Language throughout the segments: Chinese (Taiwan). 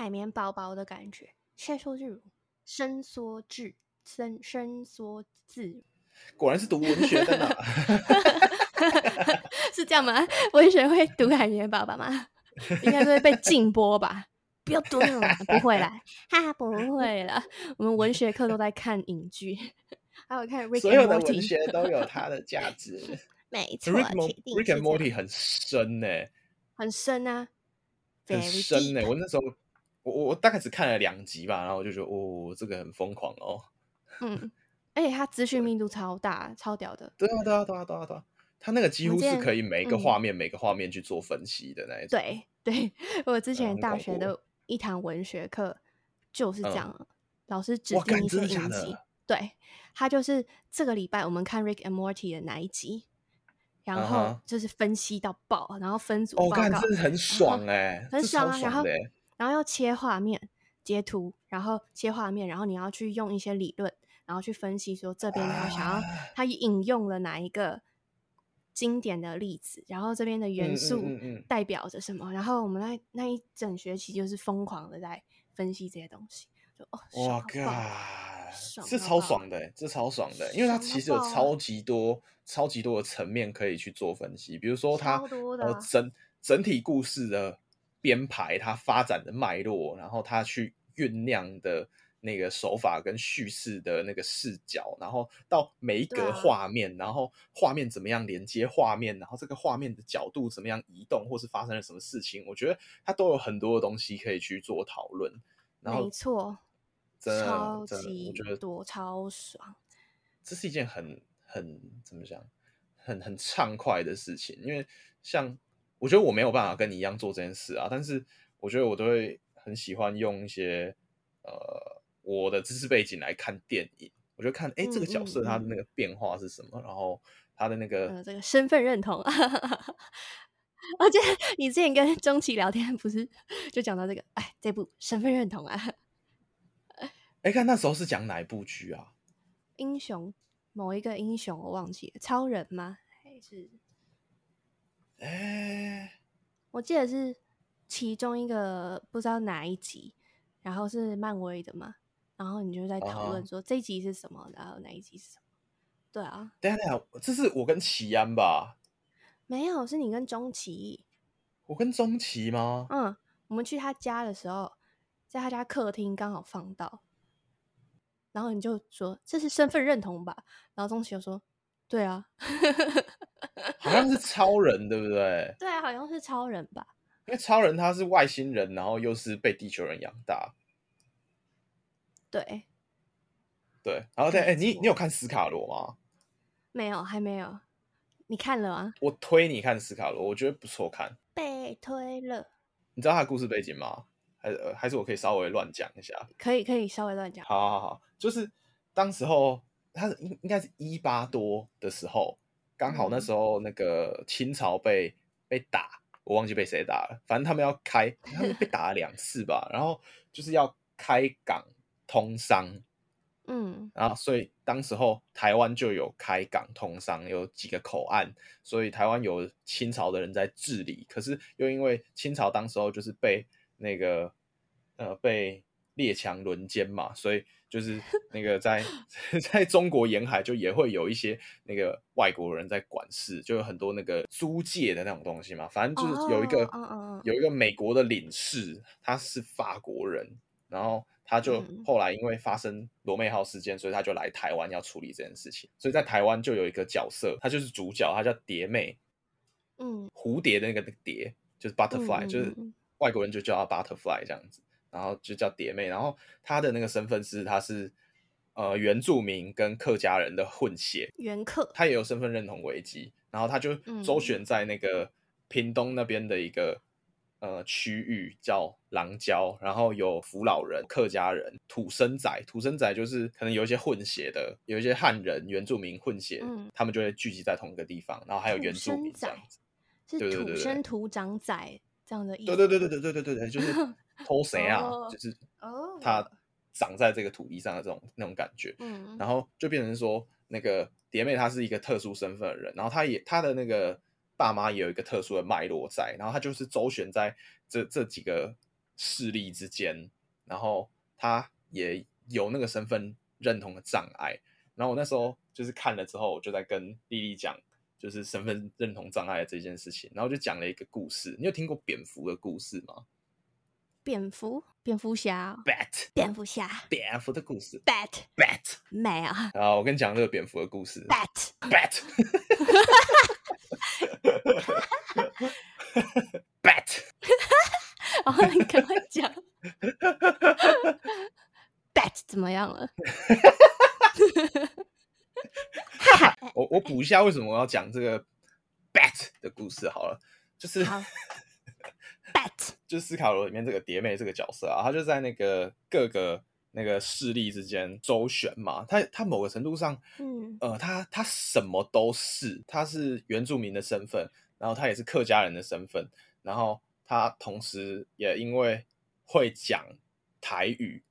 海綿寶寶的感覺，伸縮自如，伸縮至，伸伸縮自如。果然是讀文學的呢， 是這樣嗎？文學會讀海綿寶寶嗎？應該會被禁播吧？ 不要多讀問了， 不會了來， 哈哈，不會了。我們文學課都在看影劇， 還有看 Rick and Morty 所有的文學都有它的價值， 沒錯。Rick and Morty 很深呢、欸，很深啊，很深呢、欸。我那時候。我大概只看了兩集吧，然後我就覺得哦，這個很瘋狂哦。嗯，而且它資訊密度超大，超屌的。對啊，對啊，對啊，對啊，對啊！他那個幾乎是可以每個畫面、嗯、每個畫面去做分析的那一種。對對，我之前大學的一堂文學課就是這樣、嗯，老師指定一些影集，對他就是這個禮拜我們看 Rick and Morty 的哪一集，然後就是分析到爆，然後分組報告，真、哦、的很爽哎，很爽，然後。然後要切畫面、截圖，然後切畫面，然後你要去用一些理論，然後去分析說這邊他想要他、uh, 引用了哪一個經典的例子，然後這邊的元素代表着什麼。嗯嗯嗯、然後我們那那一整學期就是瘋狂的在分析這些東西，就哇靠，是超爽的，這超爽的，因為它其實有超級多、超級多的層面可以去做分析，比如說它、啊、整整體故事的。編排它發展的脈絡，然後它去醞釀的那個手法跟敘事的那個視角，然後到每一格畫面，然後畫面怎麼樣連接畫面，然後這個畫面的角度怎麼樣移動，或是發生了什麼事情，我覺得它都有很多的東西可以去做討論。沒錯，真的，超級多超爽。這是一件很很怎麼講，很很暢快的事情，因為像。我覺得我沒有辦法跟你一樣做這件事啊，但是我覺得我都會很喜歡用一些呃我的知識背景來看電影。我覺得看哎、欸嗯、這個角色他的那個變化是什麼，嗯嗯、然後他的那個、嗯、這個身份認同。哈哈哈哈，我覺得你之前跟鐘奇聊天不是就講到這個哎這部身份認同啊？哎、欸，看那時候是講哪一部劇啊？英雄，某一個英雄我忘記了，超人嗎？還是？哎、欸，我記得是其中一個不知道哪一集，然後是漫威的嘛，然後你就在討論說這一集是什麼、啊，然後哪一集是什麼？對啊，等下等下，這是我跟齊安吧？沒有，是你跟鍾琪。我跟鍾琪嗎？嗯，我們去他家的時候，在他家客廳剛好放到，然後你就說這是身份認同吧，然後鍾琪就說對啊。 好像是超人， 對不對？對，好像是超人吧。因為超人他是外星人，然後又是被地球人養大。對，對，然後對，哎、欸，你你有看斯卡羅嗎？沒有，還沒有。你看了啊？我推你看斯卡羅，我覺得不錯看。被推了。你知道他的故事背景嗎？還是還是我可以稍微亂講一下？可以，可以稍微亂講。好好好，就是當時候他應該是應應該是一八多的時候。剛好那時候那個清朝被、嗯、被打，我忘記被誰打了，反正他們要開，他們被打了兩次吧， 然後就是要開港通商，嗯，然後所以當時候台灣就有開港通商，有幾個口岸，所以台灣有清朝的人在治理，可是又因為清朝當時候就是被那個呃被。列強輪姦嘛，所以就是那個在在中國沿海就也會有一些那個外國人在管事，就有很多那個租界的那種東西嘛。反正就是有一個 oh, oh, oh, oh. 有一個美國的領事，他是法國人，然後他就後來因為發生羅妹號事件，嗯，所以他就來台灣要處理這件事情。所以在台灣就有一個角色，他就是主角，他叫蝶妹，嗯，蝴蝶的那個蝶就是 butterfly，嗯，就是外國人就叫他 butterfly 這樣子。然後就叫蝶妹，然後她的那個身份是，她是呃原住民跟客家人的混血，原客，她也有身份認同危機，然後她就周旋在那個屏東那邊的一個、嗯、呃區域叫琅嶠，然後有福佬人、客家人、土生仔，土生仔就是可能有一些混血的，有一些漢人、原住民混血，嗯、他們就會聚集在同一個地方，然後還有原住民這樣子仔，是土生土長仔，對對對對對這樣的。對，對對對對對對對對，就是。 偷誰啊？就是他長在這個土地上的這種那種感覺、嗯，然後就變成說，那個蝶妹她是一個特殊身份的人，然後她也她的那個爸媽也有一個特殊的脈絡在，然後她就是周旋在這這幾個勢力之間，然後她也有那個身份認同的障礙。然後我那時候就是看了之後，我就在跟麗麗講，就是身份認同障礙的這件事情，然後就講了一個故事。你有聽過蝙蝠的故事嗎？蝙蝠，蝙蝠俠，bat，蝙蝠俠，蝙蝠的故事，bat，bat，male bat。啊，我跟你講這個蝙蝠的故事，bat，bat，bat bat，哦。然後你趕快講，bat 怎麼樣了 哈？我我補一下，為什麼我要講這個 bat 的故事？好了，就是 bat。就是斯卡羅裡面這個蝶妹這個角色啊，她就在那個各個那個勢力之間周旋嘛。她她某個程度上，嗯呃，她她什麼都是，她是原住民的身份，然後她也是客家人的身份，然後她同時也因為會講台語，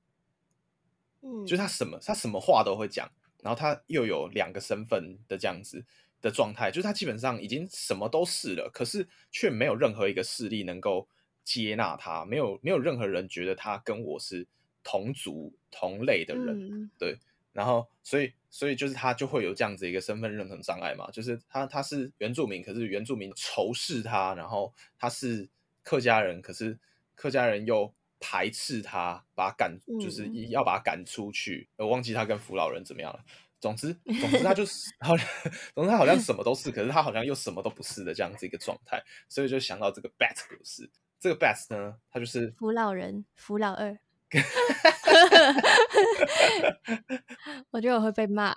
嗯，就她什麼她什麼話都會講，然後她又有兩個身份的這樣子的狀態，就她基本上已經什麼都是了，可是卻沒有任何一個勢力能夠。接納他，沒有沒有任何人覺得他跟我是同族同類的人，嗯，對。然後，所以，所以就是他就會有這樣子一個身份認同障礙嘛，就是他他是原住民，可是原住民仇視他；然後他是客家人，可是客家人又排斥他，把他趕，就是要把他趕出去。嗯，我忘記他跟福佬人怎麼樣了。總之，總之他就是， 總之他好像什麼都是，可是他好像又什麼都不是的這樣子一個狀態。所以就想到這個 Bat 故事。這個 bat 呢，它就是扶老人，扶老二。 我覺得我會被罵。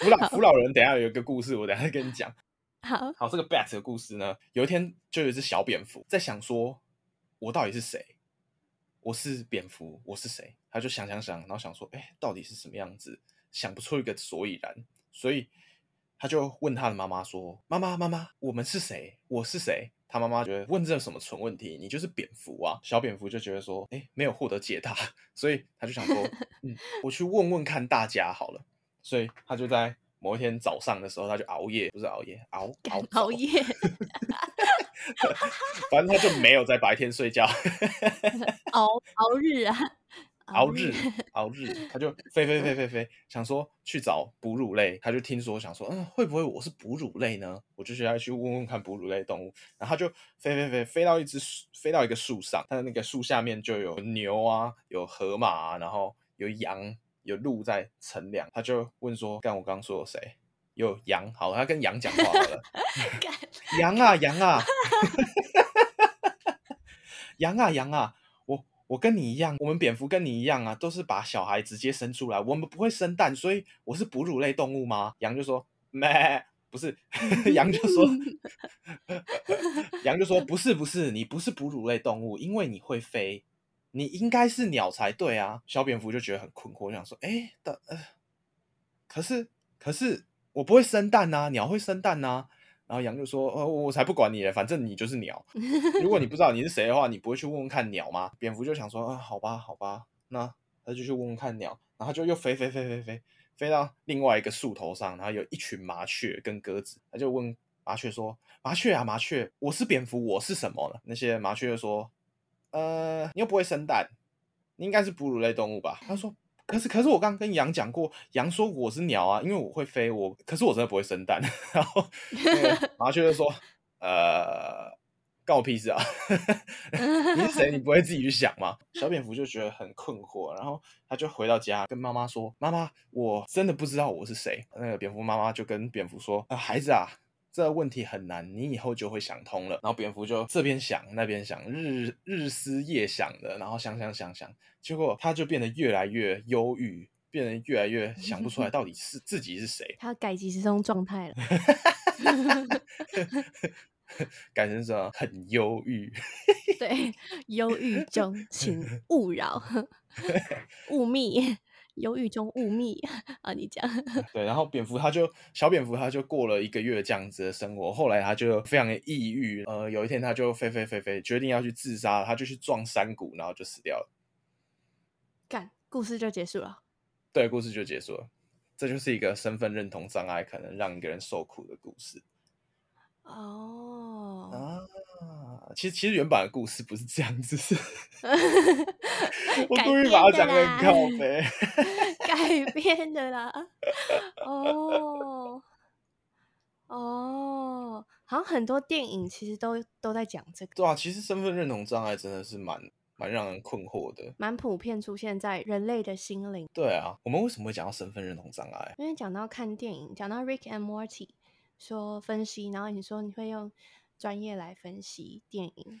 扶 老扶老人，等下有一個故事，我等下跟你講。好，好，這個 bat 的故事呢，有一天就有一隻小蝙蝠在想說，我到底是誰？我是蝙蝠，我是誰？他就想想想，然後想說，哎、欸，到底是什麼樣子？想不出一個所以然，所以。他就問他的媽媽說：“媽媽，媽媽，我們是誰？我是誰？”他媽媽覺得問這什麼蠢問題，你就是蝙蝠啊！小蝙蝠就覺得說：“哎，沒有獲得解答，所以他就想說，嗯，我去問問看大家好了。”所以他就在某一天早上的時候，他就熬夜，不是熬夜，熬熬熬夜， 反正他就沒有在白天睡覺， 熬熬日啊。熬日熬日，他就飛飛飛飛飛，想說去找哺乳類。他就聽說想說，嗯，會不會我是哺乳類呢？我就需要去問問看哺乳類動物。然後他就飛飛飛飛到一隻飛到一個樹上，他的那個樹下面就有牛啊，有河馬啊，然後有羊，有鹿在乘涼。他就問說，幹我剛剛說有誰？有羊。好，他跟羊講話了。羊 啊羊啊，羊啊 羊啊。羊啊我跟你一樣，我們蝙蝠跟你一樣啊，都是把小孩直接生出來。我們不會生蛋，所以我是哺乳類動物嗎？羊就說咩，不是。 羊就說， 羊就說不是不是，你不是哺乳類動物，因為你會飛，你應該是鳥才對啊。小蝙蝠就覺得很困惑，就想說，哎、欸，的、呃，可是可是我不會生蛋啊，鳥會生蛋啊。然後羊就說：“呃、哦，我才不管你呢，反正你就是鳥。如果你不知道你是誰的話，你不會去問問看鳥嗎？” 蝙蝠就想說：“啊，好吧，好吧，那他就去問問看鳥。”然後就又飛飛飛飛飛飛到另外一個樹頭上，然後有一群麻雀跟鴿子，他就問麻雀說：“麻雀啊，麻雀，我是蝙蝠，我是什麼了？”那些麻雀就說：“呃，你又不會生蛋，你應該是哺乳類動物吧？”他說。可是可是我剛跟羊講過，羊說我是鳥啊，因為我會飛，我可是我真的不會生蛋。然後麻雀、嗯、就說，呃，干我屁事啊呵呵！你是誰？你不會自己去想嗎？小蝙蝠就覺得很困惑，然後他就回到家跟媽媽說：“媽媽，我真的不知道我是誰。”那個蝙蝠媽媽就跟蝙蝠說：“啊、呃，孩子啊。”這個、問題很難，你以後就會想通了。然後蝙蝠就這邊想那邊想，日日思夜想的，然後想想想想，結果他就變得越來越憂鬱，變得越來越想不出來到底是、嗯、自己是誰。他改幾十種狀態了，改成什麼？很憂鬱。 對，憂鬱中，請勿擾，勿 密。憂鬱中霧密 啊，你講。對，然後蝙蝠它就，小蝙蝠他就過了一個月這樣子的生活，後來他就非常的抑鬱，呃，有一天他就飛飛飛飛，決定要去自殺，他就去撞山谷，然後就死掉了。幹，故事就結束了。對，故事就結束了。這就是一個身份認同障礙可能讓一個人受苦的故事。哦、oh. 啊，其實其實原版的故事不是這樣子。 我故意把他講給你，看我沒改編的啦， 改編編的了啦，哦，哦，好像很多電影其實都都在講這個。對啊，其實身份認同障礙真的是蠻蠻讓人困惑的，蠻普遍出現在人類的心靈。對啊，我們為什麼會講到身份認同障礙？因為講到看電影，講到《Rick and Morty》，說分析，然後你說你會用專業來分析電影。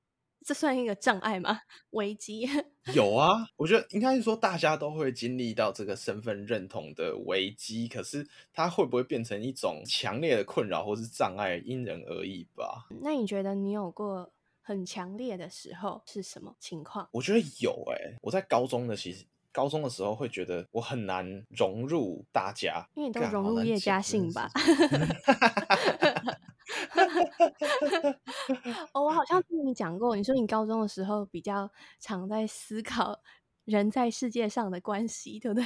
這算一個障礙嗎？危機。有啊，我覺得應該是說大家都會經歷到這個身份認同的危機，可是它會不會變成一種強烈的困擾或是障礙，因人而異吧。那你覺得你有過很強烈的時候是什麼情況？我覺得有哎、欸，我在高中的其實高中的時候會覺得我很難融入大家，因為你都融入葉家信吧。我、 oh, 我好像聽你講過，你說你高中的時候比較常在思考人在世界上的關係，對不對？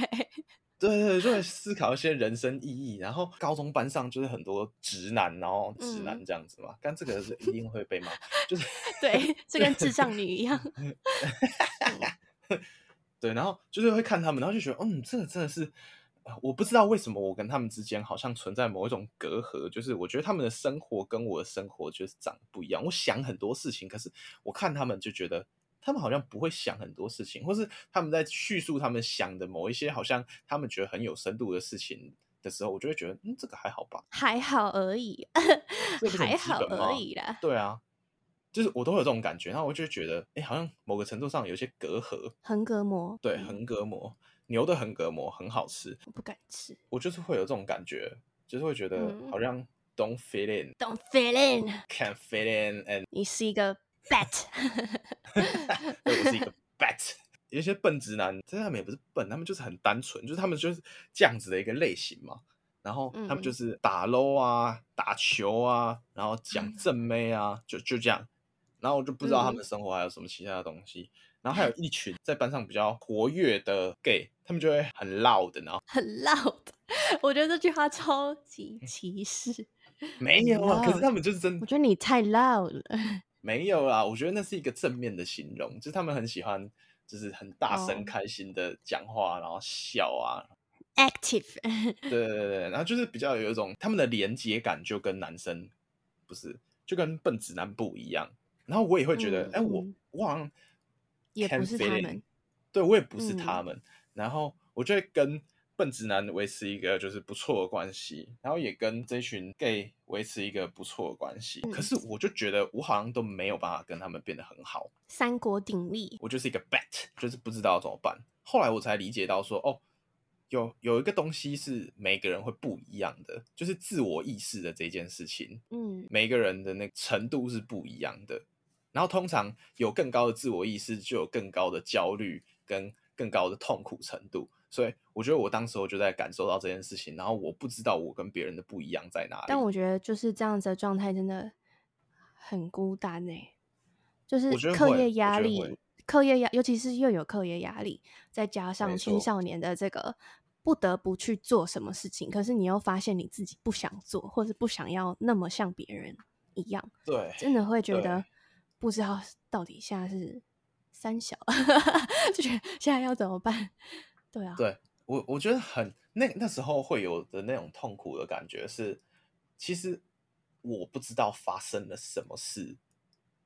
對對，對，就會思考一些人生意義。然後高中班上就是很多直男，然後直男這樣子嘛，嗯、但這個是一定會被罵， 就是對，就跟智障女一樣。 對，然後就是會看他們，然後就覺得，嗯，這個，真的是。我不知道為什麼我跟他們之間好像存在某一種隔閡，就是我覺得他們的生活跟我的生活就是長得不一樣。我想很多事情，可是我看他們就覺得他們好像不會想很多事情，或是他們在敘述他們想的某一些好像他們覺得很有深度的事情的時候，我就會覺得嗯，這個還好吧，還好而已， 還好而已啦。對啊，就是我都有這種感覺，然後我就覺得哎、欸，好像某個程度上有些隔閡，橫膈膜，對，橫膈膜。嗯牛的橫膈膜很好吃，我不敢吃，我就是會有這種感覺，就是會覺得好像 don't fit in，don't fit in，oh, can't fit in and。你是一個 bat， 我是一個 bat。 有些笨直男，真的他們也不是笨，他們就是很單純，就是他們就是這樣子的一個類型嘛。然後他們就是打擼啊，打球啊，然後講正妹啊，嗯、就就這樣。然後我就不知道他們生活還有什麼其他的東西。嗯然後還有一群在班上比較活躍的 gay，他們就會很 loud 的，然後很 loud。我覺得這句話超級歧視。沒有，啊可是他們就是真。我覺得你太 loud 了。沒有啦，我覺得那是一個正面的形容，就是他們很喜歡，就是很大聲、開心的講話，oh. 然後笑啊。active 對。對對對然後就是比較有一種他們的連接感，就跟男生不是，就跟笨直男不一樣。然後我也會覺得，哎、oh.，我我好像。也不，也不是他們，對，我也不是他們。嗯、然後我就會跟笨直男維持一個就是不錯的關係，然後也跟這群 gay 維持一個不錯的關係、嗯。可是我就覺得我好像都沒有辦法跟他們變得很好。三國鼎立，我就是一個 bat，就是不知道怎麼辦。後來我才理解到說，哦，有有一個東西是每個人會不一樣的，就是自我意識的這件事情。嗯，每個人的那個程度是不一樣的。然後通常有更高的自我意識，就有更高的焦慮跟更高的痛苦程度。所以我覺得我當時我就在感受到這件事情，然後我不知道我跟別人的不一樣在哪裡。但我覺得就是這樣子的狀態真的很孤單呢、欸，就是課業壓力、課業壓，尤其是又有課業壓力，再加上青少年的這個不得不去做什麼事情，可是你又發現你自己不想做，或是不想要那麼像別人一樣，對，真的會覺得。不知道到底現在是三小， 就覺得現在要怎麼辦？對啊，對，我我覺得很那那時候會有的那種痛苦的感覺是，其實我不知道發生了什麼事，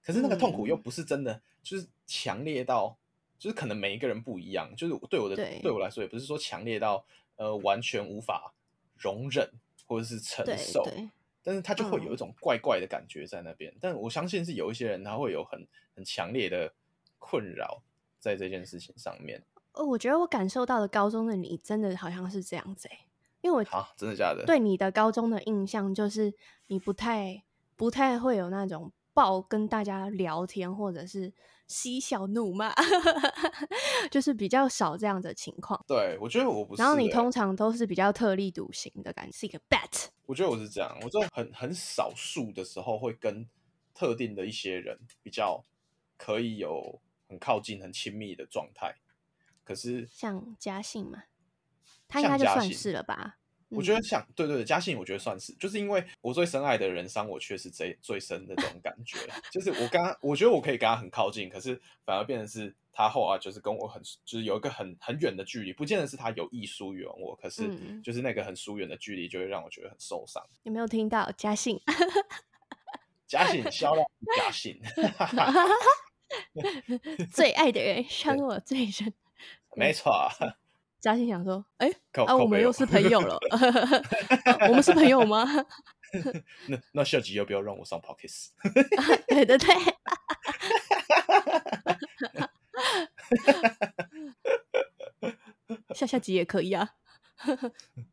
可是那個痛苦又不是真的，嗯、就是強烈到，就是可能每一個人不一樣，就是對我的對，對我來說也不是說強烈到，呃，完全無法容忍或者是承受。但是他就會有一種怪怪的感覺在那邊，嗯、但我相信是有一些人他會有很很強烈的困擾在這件事情上面。哦，我覺得我感受到的高中的你真的好像是這樣子，因為我、啊、真的假的？對你的高中的印象就是你不太不太會有那種爆跟大家聊天或者是嬉笑怒罵， 就是比較少這樣的情況。對我覺得我不是，然後你通常都是比較特立獨行的感覺，是一個 Bat。我覺得我是這樣，我這種很很少數的時候會跟特定的一些人比較可以有很靠近、很親密的狀態。可是像嘉信嘛，他應該就算是了吧？嗯、我覺得像對對對，嘉信我覺得算是，就是因為我最深愛的人傷我確實最最深的這種感覺， 就是我跟他，我覺得我可以跟他很靠近，可是反而變成是。他後啊，就是跟我很，就是有一個很很遠的距離，不見得是他有意疏遠我，可是就是那個很疏遠的距離，就會讓我覺得很受傷。嗯嗯、你沒有聽到嘉信？嘉信消了，嘉信。信 最愛的人傷我最深，沒錯。嘉、嗯、信想說，哎、欸，啊，我們又是朋友了。 啊、我們是朋友嗎？ 那那下集要不要讓我上 Pockets？對對對。 下下集也可以啊，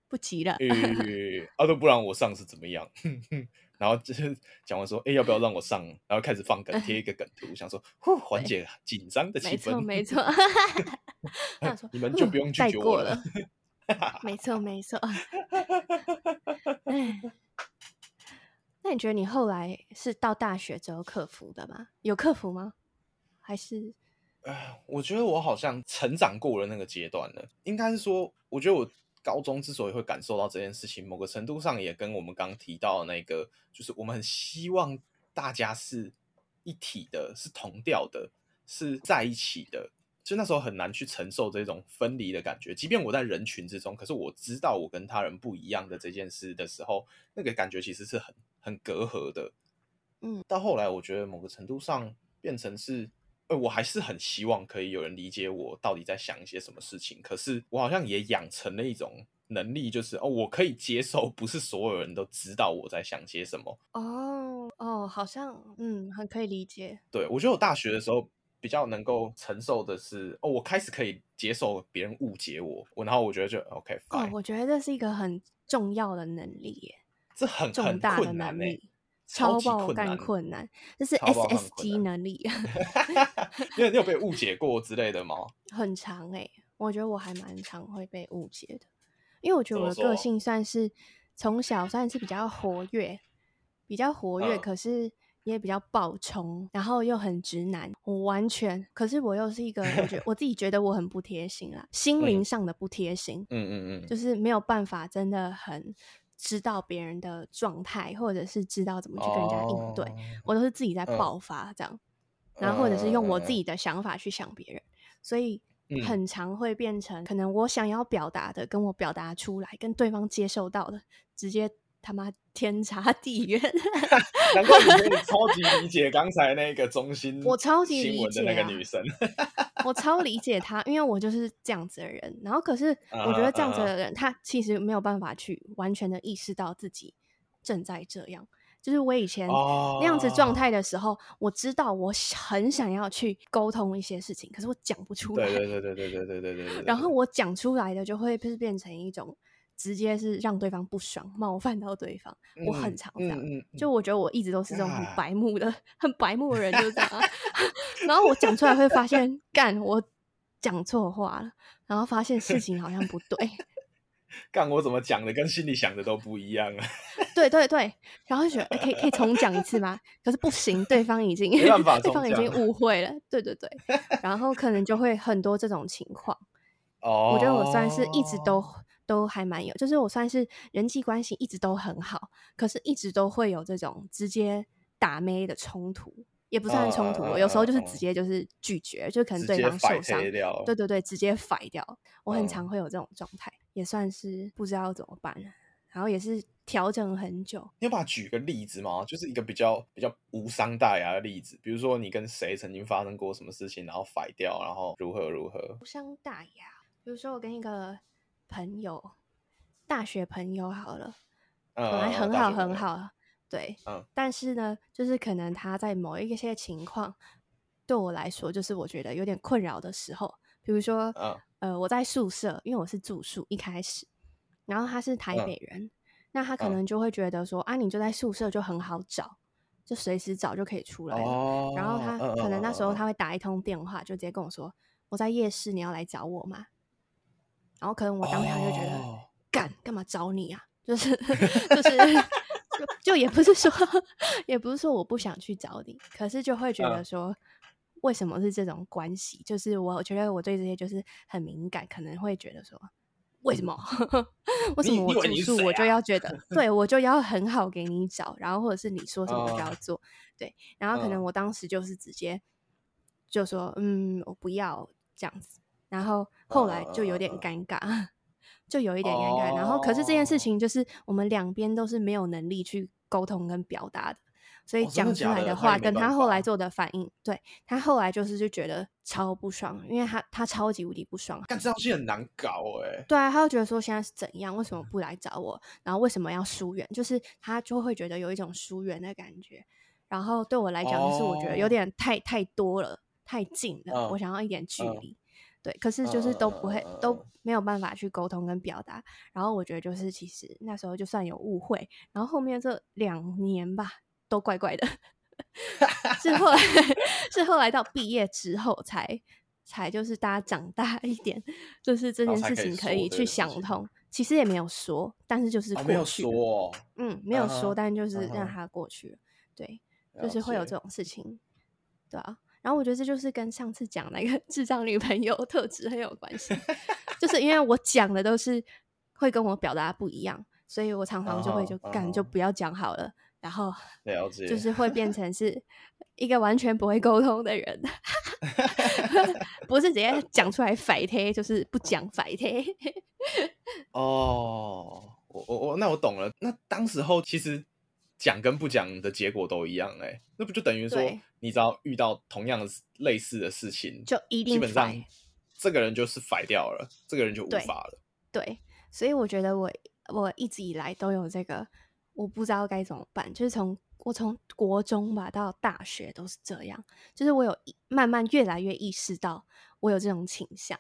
不急了、欸。哎、欸欸，阿不然我上是怎麼樣？ 然後就是講完說，哎、欸，要不要讓我上？然後開始放梗，貼、欸、一個梗圖，想說緩解緊張的氣氛。沒、欸、錯，沒錯。沒錯 後說 你們就不用去絕我了，、呃過了 沒錯。沒錯，沒錯。哎，那你覺得你後來是到大學之後克服的嗎？有克服嗎？還是？哎，我覺得我好像成長過了那個階段了。應該是說，我覺得我高中之所以會感受到這件事情，某個程度上也跟我們剛剛提到那個，就是我們很希望大家是一體的，是同調的，是在一起的。就那時候很難去承受這種分離的感覺。即便我在人群之中，可是我知道我跟他人不一樣的這件事的時候，那個感覺其實是很很隔閡的。嗯，到後來我覺得某個程度上變成是。呃，我還是很希望可以有人理解我到底在想一些什麼事情。可是我好像也養成了一種能力，就是哦，我可以接受不是所有人都知道我在想些什麼。哦哦，好像嗯，很可以理解。對，我覺得我大學的時候比較能夠承受的是，哦，我開始可以接受別人誤解我，然後我覺得就 OK, fine。哦、oh，我覺得這是一個很重要的能力耶，這很重大的能力。很超爆幹困，困，困難，這是 SST 能力。因為 有被誤解過之類的嗎？很長哎、欸，我覺得我還蠻常會被誤解的，因為我覺得我的個性算是從小算是比較活躍，比較活躍，可是也比較暴衝、嗯，然後又很直男。我完全，可是我又是一個，我覺我自己覺得我很不貼心啦， 心靈上的不貼心嗯。嗯嗯嗯，就是沒有辦法，真的很。知道別人的狀態，或者是知道怎麼去跟人家應對，oh, 我都是自己在爆發這樣，uh, 然後或者是用我自己的想法去想別人，uh, 所以很常會變成可能我想要表達的，嗯，跟我表達出來，跟對方接受到的直接。他媽天差地遠 ，難怪你超級理解剛才那個中心， 我超級理解，我超理解她，因為我就是這樣子的人。然後可是我覺得這樣子的人，他其實沒有辦法去完全的意識到自己正在這樣。就是我以前那樣子狀態的時候，我知道我很想要去溝通一些事情，可是我講不出來。對對對對對對對。然後我講出來的就會是變成一種。直接是讓對方不爽，冒犯到對方。嗯、我很常這樣、嗯嗯嗯，就我覺得我一直都是這種很白目的、的、啊、很白目的人，就是這樣、啊。 然後我講出來會發現，幹 我講錯話了，然後發現事情好像不對。幹我怎麼講的跟心裡想的都不一樣啊？對對對，然後就覺得、欸、可以可以重講一次嗎？可是不行， 對方已經對方已經誤會了。對對對，然後可能就會很多這種情況。哦， 我覺得我算是一直都。都還蠻有，就是我算是人際關係一直都很好，可是一直都會有這種直接打妹的衝突，也不算衝突，啊啊啊啊啊啊有時候就是直接就是拒絕，嗯、就可能對方受傷，對對對，直接甩掉。我很常會有這種狀態、嗯，也算是不知道怎麼辦，然後也是調整很久。你有辦法舉個例子嗎？就是一個比較比較無傷大雅的例子，比如說你跟誰曾經發生過什麼事情，然後甩掉，然後如何如何無傷大雅。比如說我跟一個。朋友，大學朋友好了，本來很好 uh, uh, uh, uh, 很好，很好 uh. 對，uh, 但是呢，就是可能他在某一個些情況，對我來說，就是我覺得有點困擾的時候，比如說，呃，我在宿舍，因為我是住宿一開始，然後他是台北人，uh. 那他可能就會覺得說，啊，你就在宿舍就很好找，就隨時找就可以出來了，uh. 然後他可能那時候他會打一通電話，就直接跟我說，uh. 我在夜市，你要來找我嗎？然後可能我當下就覺得，oh. 幹幹嘛找你啊？就是就是 就，就也不是說也不是說我不想去找你，可是就會覺得說，uh. 為什麼是這種關係？就是我，我覺得我對這些就是很敏感，可能會覺得說，為什麼 為什麼我住宿我就要覺得，你你啊、對我就要很好給你找，然後或者是你說什麼就要做，uh. 對，然後可能我當時就是直接就說，uh. 嗯，我不要這樣子。然後後來就有點尷尬，uh, 就有一點尷尬。Oh. 然後可是這件事情就是我們兩邊都是沒有能力去溝通跟表達的，所以講出來的話，oh, 真的假的，跟他他也沒辦法。跟他後來做的反應，對，他後來就是就覺得超不爽，因為他他超級無敵不爽。但這東西很難搞哎、欸。對啊，他就覺得說現在是怎樣，為什麼不來找我？然後為什麼要疏遠？就是他就會覺得有一種疏遠的感覺。然後對我來講，就是我覺得有點太、oh. 太多了，太近了，uh. 我想要一點距離。Uh. 對，可是就是都不會，uh, uh, 都沒有辦法去溝通跟表達。然後我覺得就是，其實那時候就算有誤會，然後後面這兩年吧，都怪怪的。是 後來，是 後來到畢業之後才才就是大家長大一點，就是這件事情可以去想通。其實也沒有說，但是就是過去、啊，沒有說哦。嗯，沒有說，uh-huh, 但是就是讓它過去、uh-huh、對，就是會有這種事情，對啊。然後我覺得這就是跟上次講那個智障女朋友特質很有關係，就是因為我講的都是會跟我表達不一樣，所以我常常就會就乾就不要講好了，然後就是會變成是一個完全不會溝通的人 不是直接講出來反貼，就是不講反貼。哦，我我我那我懂了，那當時候其實。講跟不講的結果都一樣、欸，哎，那不就等於說，你只要遇到同樣類似的事情，就一定基本上這個人就是衰掉了，這個人就無法了。對，對所以我覺得我我一直以來都有這個，我不知道該怎麼辦，就是從我從國中吧到大學都是這樣，就是我有慢慢越來越意識到我有這種傾向，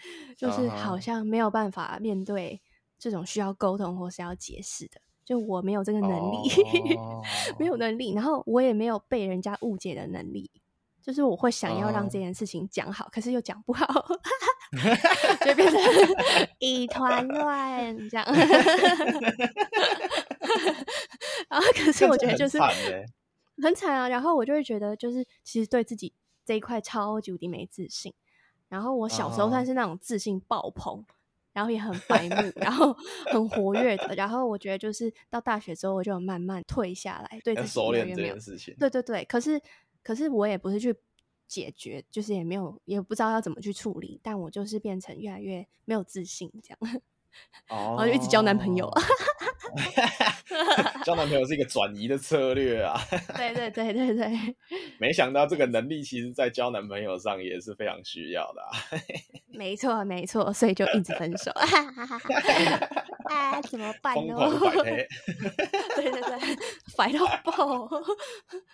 就是好像沒有辦法面對這種需要溝通或是要解釋的。就我沒有這個能力，oh, 沒有能力，然後我也沒有被人家誤解的能力，就是我會想要讓這件事情講好，oh. 可是又講不好，就 變成一團亂這樣。然後，可是我覺得就是，是很慘、欸、啊。然後我就會覺得，就是其實對自己這一塊超級無敵沒自信。然後我小時候算是那種自信爆棚。Oh. 然後也很白目， 然後很活躍的， 然後我覺得就是到大學之後，我就慢慢退下來，對自己越來越沒有自信。對對對，可是可是我也不是去解決，就是也沒有也不知道要怎麼去處理，但我就是變成越來越沒有自信這樣。Oh. 然後就一直交男朋友， 交男朋友是一個轉移的策略啊。對 對對對對，沒想到這個能力其實在交男朋友上也是非常需要的、啊 沒錯。沒錯沒錯，所以就一直分手， 哎、怎麼辦呢？ 對對對，甩到爆！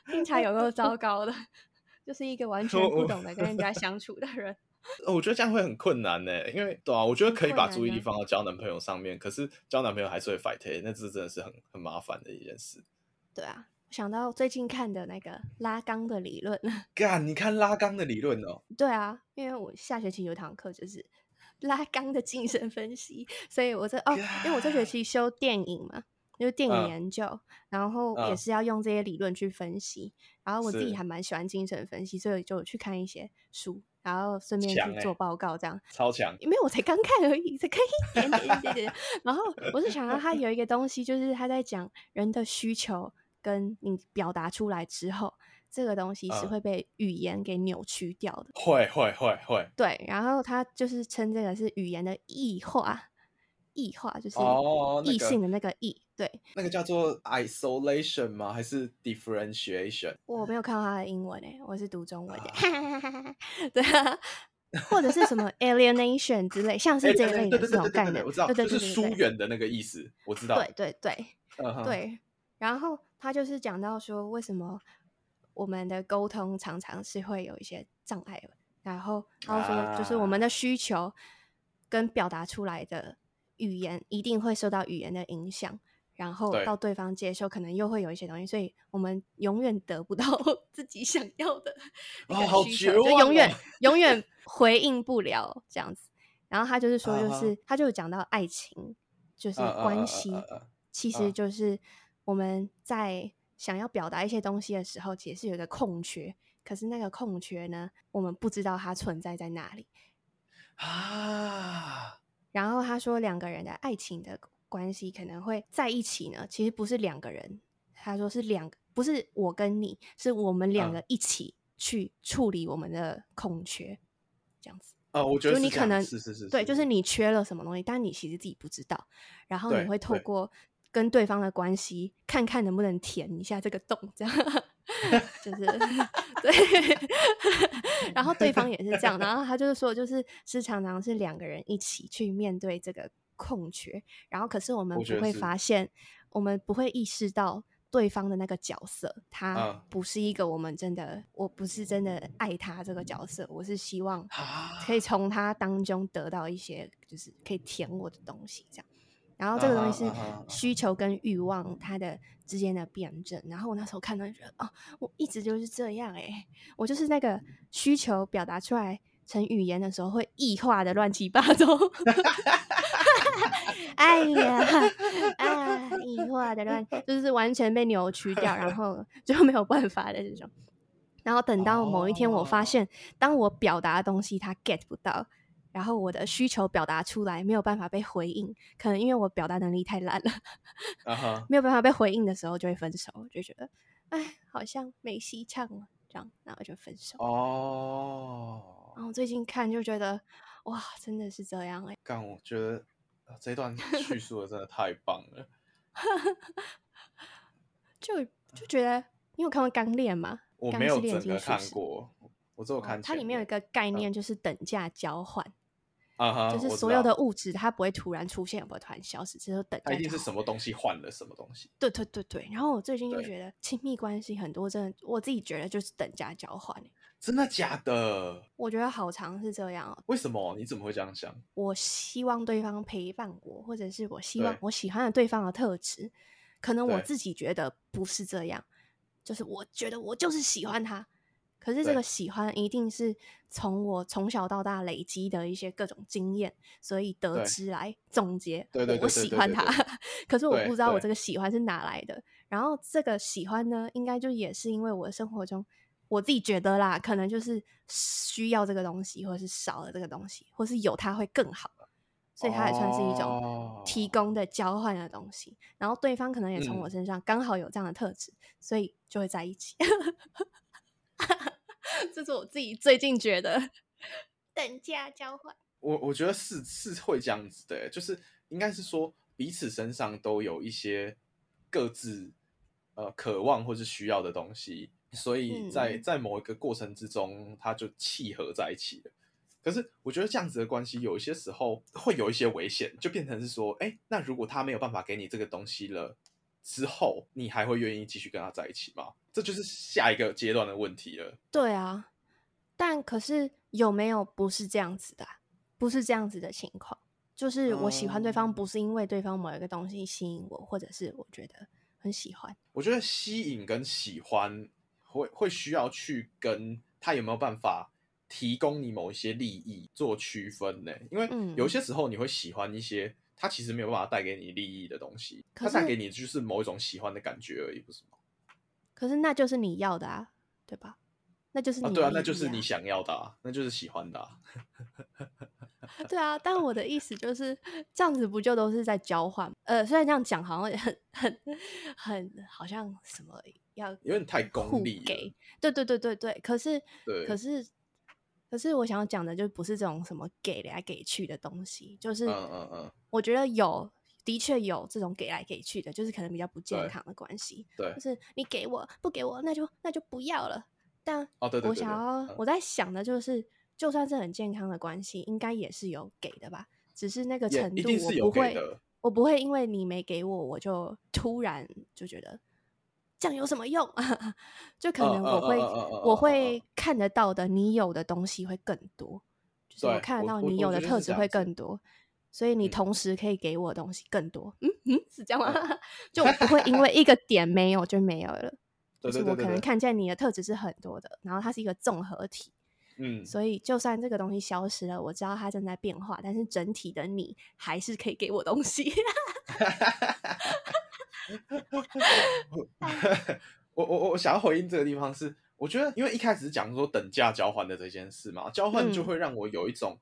平常有個糟糕的， 就是一個完全不懂得跟人家相處的人。 我覺得這樣會很困難呢？因為對啊，我覺得可以把注意力放到交男朋友上面，可是交男朋友還是會反推，那這真的是很很麻煩的一件事。對啊，想到最近看的那個拉康的理論，God, 你看拉康的理論哦。對啊，因為我下學期有堂課就是拉康的精神分析，所以我這哦，因為我這學期修電影嘛。因為電影研究、嗯，然後也是要用這些理論去分析。嗯、然後我自己還蠻喜歡精神分析，所以就去看一些書，然後順便去做報告，這樣強、欸、超強。因為我才剛看而已，才看一點點一點點。然後我是想到他有一個東西，就是他在講人的需求跟你表達出來之後，嗯、這個東西是會被語言給扭曲掉的。會會會會。對，然後他就是稱這個是語言的異化，異化就是異性的那個異。哦，那個對，那個叫做 isolation 嗎？還是 differentiation？我沒有看到他的英文誒、欸，我是讀中文的、欸。對、uh -huh.， 或者是什麼 alienation 之類，像是這一類的這種概念，欸、對對對對對對對我知道，對對對對對對對對就是疏遠的那個意思，我知道。對對對，對，uh -huh. 對。然後他就是講到說，為什麼我們的溝通常常是會有一些障礙，然後他就說就是我們的需求跟表達出來的語言一定會受到語言的影響。然後到對方接受，可能又會有一些東西，所以我們永遠得不到自己想要的那個需求、啊，好絕望啊，就永遠永遠回應不了這樣子。然後他就是說，就是、uh -huh. 他就講到愛情，就是關係，uh -huh. 其實 uh -huh. 其實就是我們在想要表達一些東西的時候，其實有一個空缺，可是那個空缺呢，我們不知道它存在在哪裡啊。Uh -huh. 然後他說，兩個人的愛情的。關係可能會在一起呢，其實不是兩個人，他說是兩個，不是我跟你，是我們兩個一起去處理我們的空缺，啊，這樣子。哦，啊，我覺得就你可能，是是是是對，就是你缺了什麼東西，但你其實自己不知道，然後你會透過跟對方的關係，看看能不能填一下這個洞，這樣， 就是 對。 然後對方也是這樣，然後他就是說，就是是常常是兩個人一起去面對這個。空缺，然後可是我們不會發現，我們不會意識到對方的那個角色，他不是一個我們真的、啊，我不是真的愛他這個角色，我是希望可以從他當中得到一些，啊、就是可以填我的東西這樣。然後這個東西是需求跟慾望它的、之間的、、啊、望他的之間的辯證。然後我那時候看到人哦，我一直就是這樣哎、欸，我就是那個需求表達出來成語言的時候會異化的亂七八糟。 哎呀， 啊，疑 惑的亂，就是完全被扭曲掉，然後就沒有辦法的這種。然後等到某一天，我發現，oh. 當我表達的東西，他 get 不到，然後我的需求表達出來，沒有辦法被回應，可能因為我表達能力太爛了，啊、uh -huh. 沒有辦法被回應的時候，就會分手，就覺得哎，好像沒戲唱了，這樣，然後就分手。哦、oh. 然後最近看就覺得，哇，真的是這樣哎、欸。但我覺得。啊、這段敘述的真的太棒了， 就就覺得你有看過《鋼煉》嗎？我沒有真的看過，我只有看、啊。它裡面有一個概念就是等價交換、啊，就是所有的物質它不會突然出現，也、嗯、不會突然消失，只有等價、啊。一定是什麼東西換了什麼東西？對對對對。然後我最近就覺得親密關係很多，真的我自己覺得就是等價交換、欸。真的假的？我覺得好長是這樣。為什麼？你怎麼會這樣想？我希望對方陪伴我，或者是我希望我喜歡的對方的特質，可能我自己覺得不是這樣，就是我覺得我就是喜歡他。可是這個喜歡一定是從我從小到大累積的一些各種經驗，所以得知來總結。對，對對對，我喜歡他。對對對對 可是我不知道我這個喜歡是哪來的。對對對。然後這個喜歡呢，應該就也是因為我的生活中。我自己覺得啦，可能就是需要這個東西，或者是少了這個東西，或是有它，會更好，所以它也算是一種提供的交換的東西。Oh. 然後對方可能也從我身上剛好有這樣的特質，嗯、所以就會在一起。 這是我自己最近覺得等價交換。 我我覺得是是會這樣子的，就是應該是說彼此身上都有一些各自呃渴望或是需要的東西。所以在在某一個過程之中，他就契合在一起了。可是我覺得這樣子的關係，有一些時候會有一些危險，就變成是說，哎、欸，那如果他沒有辦法給你這個東西了之後，你還會願意繼續跟他在一起嗎？這就是下一個階段的問題了。對啊，但可是有沒有不是這樣子的，啊，不是這樣子的情況？就是我喜歡對方，不是因為對方某一個東西吸引我，或者是我覺得很喜歡。我覺得吸引跟喜歡，會會需要去跟他有沒有辦法提供你某一些利益做區分呢、欸？因為有些時候你會喜歡一些他其實沒有辦法帶給你利益的東西，他帶給你就是某一種喜歡的感覺而已，不是嗎？可是那就是你要的啊，對吧？那就是你利益啊啊對啊，那就是你想要的、啊，那就是喜歡的、啊。 對啊，但我的意思就是這樣子，不就都是在交換？呃，雖然這樣講好像很很很，好像什麼而已。要因為你太功利，給對對對對對，可是可是可是，我想要講的就不是這種什麼給來給去的東西，就是我覺得有的確有這種給來給去的，就是可能比較不健康的關係，對，就是你給我不給我，那就那就不要了。但我想要我在想的就是，就算是很健康的關係，應該也是有給的吧，只是那個程度 yeah, 一定是有給的，我不會，我不會因為你沒給我，我就突然就覺得。這樣有什麼用？ 就可能我會 oh, oh, oh, oh, oh, oh, oh, oh, 我會看得到的，你有的東西會更多，就是我看得到你有的特質會更多，所以你同時可以給我的東西更多。嗯嗯，是這樣嗎、嗯？就不會因為一個點沒有就沒有了。 就是我可能看見你的特質是很多的，然後它是一個綜合體。嗯，所以就算這個東西消失了，我知道它正在變化，但是整體的你還是可以給我東西。 我我我我想要回應這個地方是，我覺得因為一開始講說等價交換的這件事嘛，交換就會讓我有一種，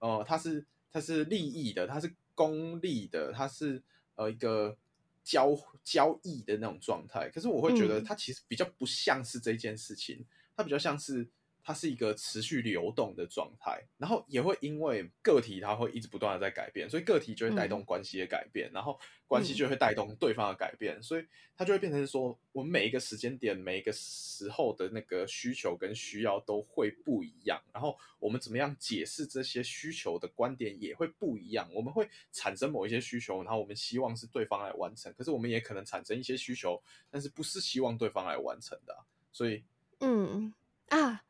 嗯、呃，它是它是利益的，它是功利的，它是呃一個交交易的那種狀態，可是我會覺得它其實比較不像是這件事情，它比較像是。它是一個持續流動的狀態，然後也會因為個體，它會一直不斷的在改變，所以個體就會帶動關係的改變，嗯、然後關係就會帶動對方的改變，嗯、所以它就會變成說，我們每一個時間點、每一個時候的那個需求跟需要都會不一樣，然後我們怎麼樣解釋這些需求的觀點也會不一樣，我們會產生某一些需求，然後我們希望是對方來完成，可是我們也可能產生一些需求，但是不是希望對方來完成的、啊，所以，嗯啊。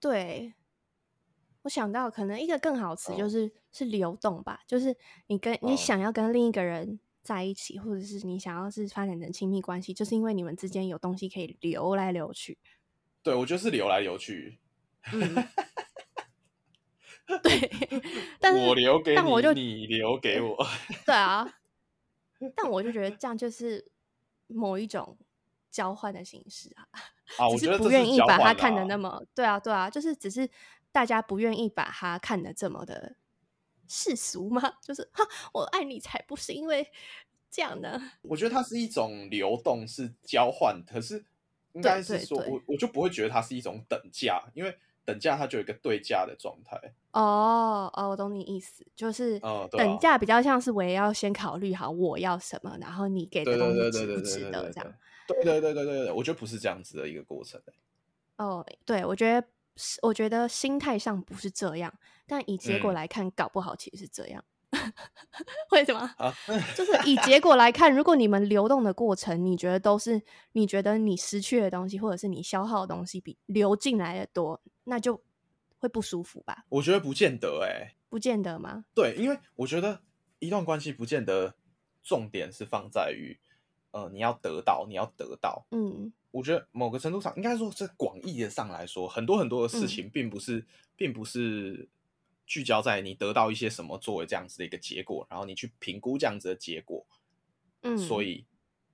對，我想到可能一個更好詞就是、oh. 是流動吧，就是你跟、oh. 你想要跟另一個人在一起，或者是你想要是發展成親密關係，就是因為你們之間有東西可以流來流去。對，我就是流來流去。 對，但我留給你，就你留給我。 對啊，但我就覺得這樣就是某一種交換的形式啊。只、啊是,啊就是不願意把它看的那麼、啊得啊，對啊，對啊，就是只是大家不願意把它看的這麼的世俗嗎？就是哈，我愛你，才不是因為這樣的。我覺得它是一種流動，是交換，可是應該是說，對對對我我就不會覺得它是一種等價，因為等價它就有一個對價的狀態。哦哦，我懂你意思，就是等價比較像是我也要先考慮好我要什麼、嗯啊，然後你給的東西值不值得這樣。對對對對對，我覺得不是這樣子的一個過程。哦，對，我覺得是，我覺得心態上不是這樣，但以結果來看，嗯、搞不好其實是這樣。為 什麼？啊， 就是以結果來看，如果你們流動的過程，你覺得都是你覺得你失去的東西，或者是你消耗的東西比流進來的多，那就會不舒服吧？我覺得不見得、欸，哎，不見得嗎？對，因為我覺得一段關係不見得重點是放在於。呃，你要得到，你要得到，嗯，我覺得某個程度上，應該說在廣義的上來說，很多很多的事情，並不是、嗯，並不是聚焦在你得到一些什麼作為這樣子的一個結果，然後你去評估這樣子的結果，嗯，所以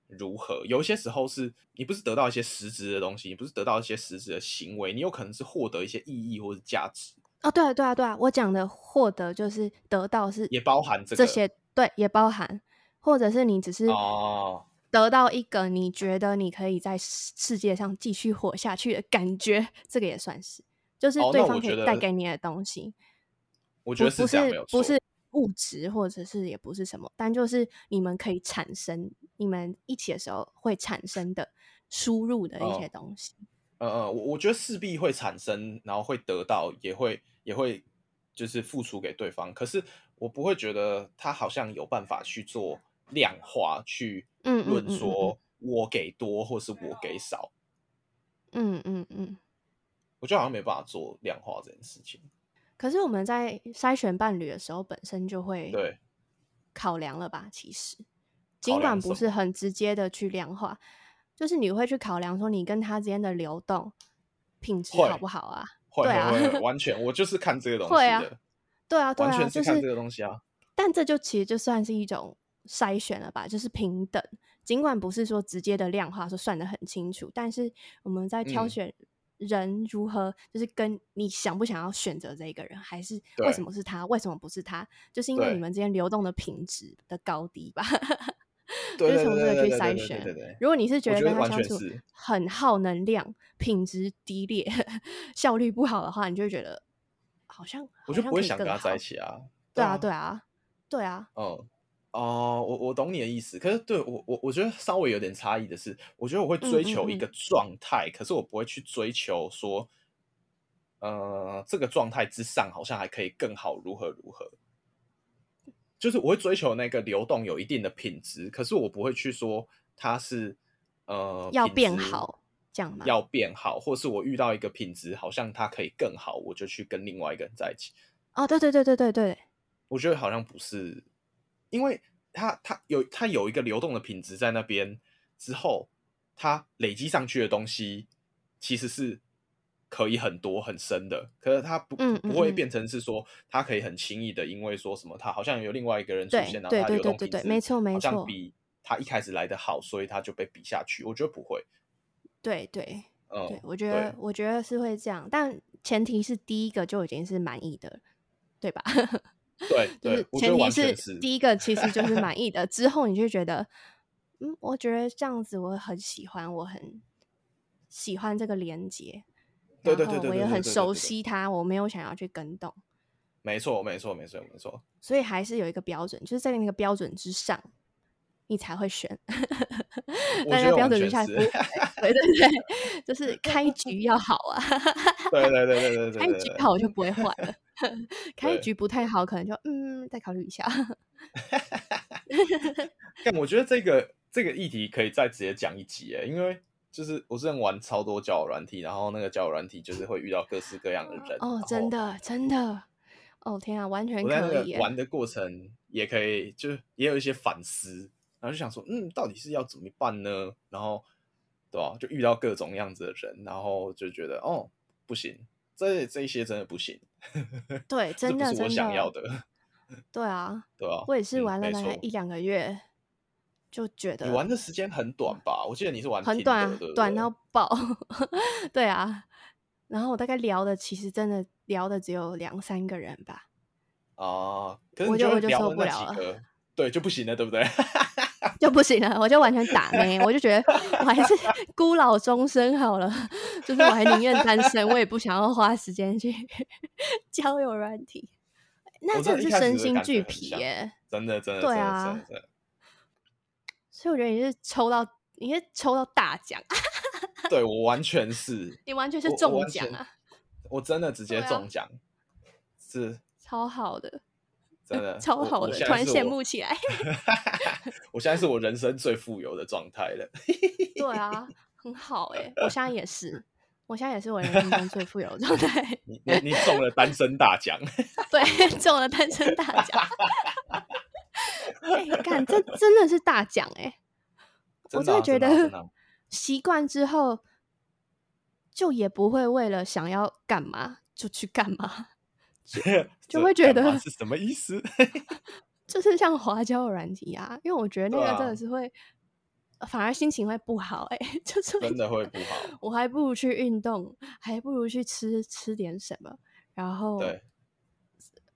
如何有些時候是你不是得到一些實質的東西，你不是得到一些實質的行為，你有可能是獲得一些意義或是價值啊，對、哦、啊，對啊，對啊，我講的獲得就是得到是也包含、這個、這些，對，也包含，或者是你只是哦。得到一個你覺得你可以在世世界上繼續活下去的感覺，這個也算是，就是對方可以帶給你的東西。哦、我覺得不是，得是不是物質，或者是也不是什麼，但就是你們可以產生，你們一起的時候會產生的輸入的一些東西。呃、哦、呃，我、嗯嗯、我覺得勢必會產生，然後會得到，也會也會就是付出給對方。可是我不會覺得他好像有辦法去做量化去，論說我給多或是我給少，嗯嗯嗯，嗯，我覺得好像沒辦法做量化這件事情。可是我們在篩選伴侶的時候，本身就會考量了吧？其實，儘管不是很直接的去量化，就是你會去考量說你跟他之間的流動品質好不好啊？會對啊，會會完全我就是看這個東西 對啊，對啊，對啊，對啊，完全是看這個東西啊。就是，但這就其實就算是一種。篩選了吧，就是平等。儘管不是說直接的量化說算得很清楚，但是我們在挑選人如何，嗯、就是跟你想不想要選擇這一個人，還是為什麼是他，為什麼不是他，就是因為你們之間流動的品質的高低吧。對對對對對對 就是從這個去篩選。對對對對對對對 如果你是覺得跟他相處很耗能量，品質低劣，效率不好的話，你就會覺得好像，好像不是想跟他在一起啊。對啊，對啊，對啊。嗯。哦、uh，我我懂你的意思，可是對，我我我覺得稍微有點差異的是，我覺得我會追求一個狀態，嗯嗯嗯，可是我不會去追求說，呃，這個狀態之上好像還可以更好如何如何，就是我會追求那個流動有一定的品質，可是我不會去說它是呃要變好這樣，要變好，要變好，或是我遇到一個品質好像它可以更好，我就去跟另外一個人在一起。啊，哦，對對對對對對，我覺得好像不是。因為他他有他有一個流動的品質在那邊之後，他累積上去的東西其實是可以很多很深的，可是他不不會變成是說他可以很輕易的，因為說什麼他好像有另外一個人出現，然後對對對，對，流動品質沒錯，好像比他一開始來的好，好，好，所以他就被比下去。我覺得不會，對對，對,、嗯、對，我覺得我覺得是會這樣，但前提是第一個就已經是滿意的，對吧？對、對，我覺得，就是前提是第一個，其實就是滿意的 之後，你就覺得，嗯，我覺得這樣子我很喜歡，我很喜歡這個連接，然後我也很熟悉它，對對對對對對，我沒有想要去更動。沒錯，沒錯，沒錯，沒錯。所以還是有一個標準，就是在那個標準之上。你才會選，大家標準一下， 對對對，就是開局要好啊， 對對對對對，開局好就不會壞的， 開局不太好，可能就，嗯，再考慮一下。但 我覺得這個這個議題可以再直接講一集誒，因為就是我最近玩超多交友軟體，然後那個交友軟體就是會遇到各式各樣的人哦，真的真的哦天啊，完全可以的玩的過程也可以就也有一些反思。然後就想說，嗯，到底是要怎麼辦呢？然後對吧、啊？就遇到各種樣子的人，然後就覺得哦，不行，這這一些真的不行。 對，真的是我想要的。的對啊。 對啊。我也是玩了大概一兩個月，就覺得玩的時間很短吧、啊？我記得你是玩的很短、啊、對對短到爆， 對啊。然後我大概聊的其實真的聊的只有兩三個人吧？啊，就我就我就受不了，了，對就不行了，對不對？ 就不行了，我就完全打沒， 我就覺得我還是孤老終生好了，就是我還寧願單身，我也不想要花時間去交友軟體。那真的是身心俱疲耶，真的真的。對啊，所以我覺得你是抽到，你是抽到大獎。 對我完全是，你完全是中獎啊！我真的直接中獎、啊，是超好的。真的、嗯、超好的，突然羨慕起來。 我現在是我人生最富有的狀態了。 對啊，很好哎、欸，我現在也是， 我現在也是我人生最富有的狀態。 你你你中了單身大獎， 對，中了單身大獎。哎、 欸，幹這真的是大獎哎、欸啊！我真的覺得習慣、啊啊、之後，就也不會為了想要幹嘛就去幹嘛。所 以就會覺得是什麼意思？ 就是像花椒軟體啊，因為我覺得那個真的是會、啊、反而心情會不好、欸，哎，就是真的會不好。 我還不如去運動，還不如去吃吃點什麼，然後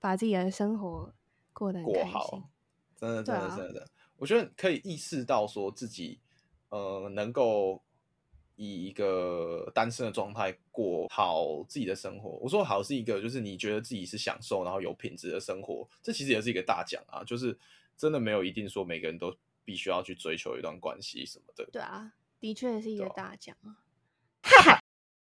把自己的生活過得過好。真的真的真的，真的、啊，我覺得可以意識到說自己呃能夠。以一個單身的狀態過好自己的生活，我說好是一個，就是你覺得自己是享受，然後有品質的生活，這其實也是一個大獎啊！就是真的沒有一定說每個人都必須要去追求一段關係什麼的。對啊，的確是一個大獎啊！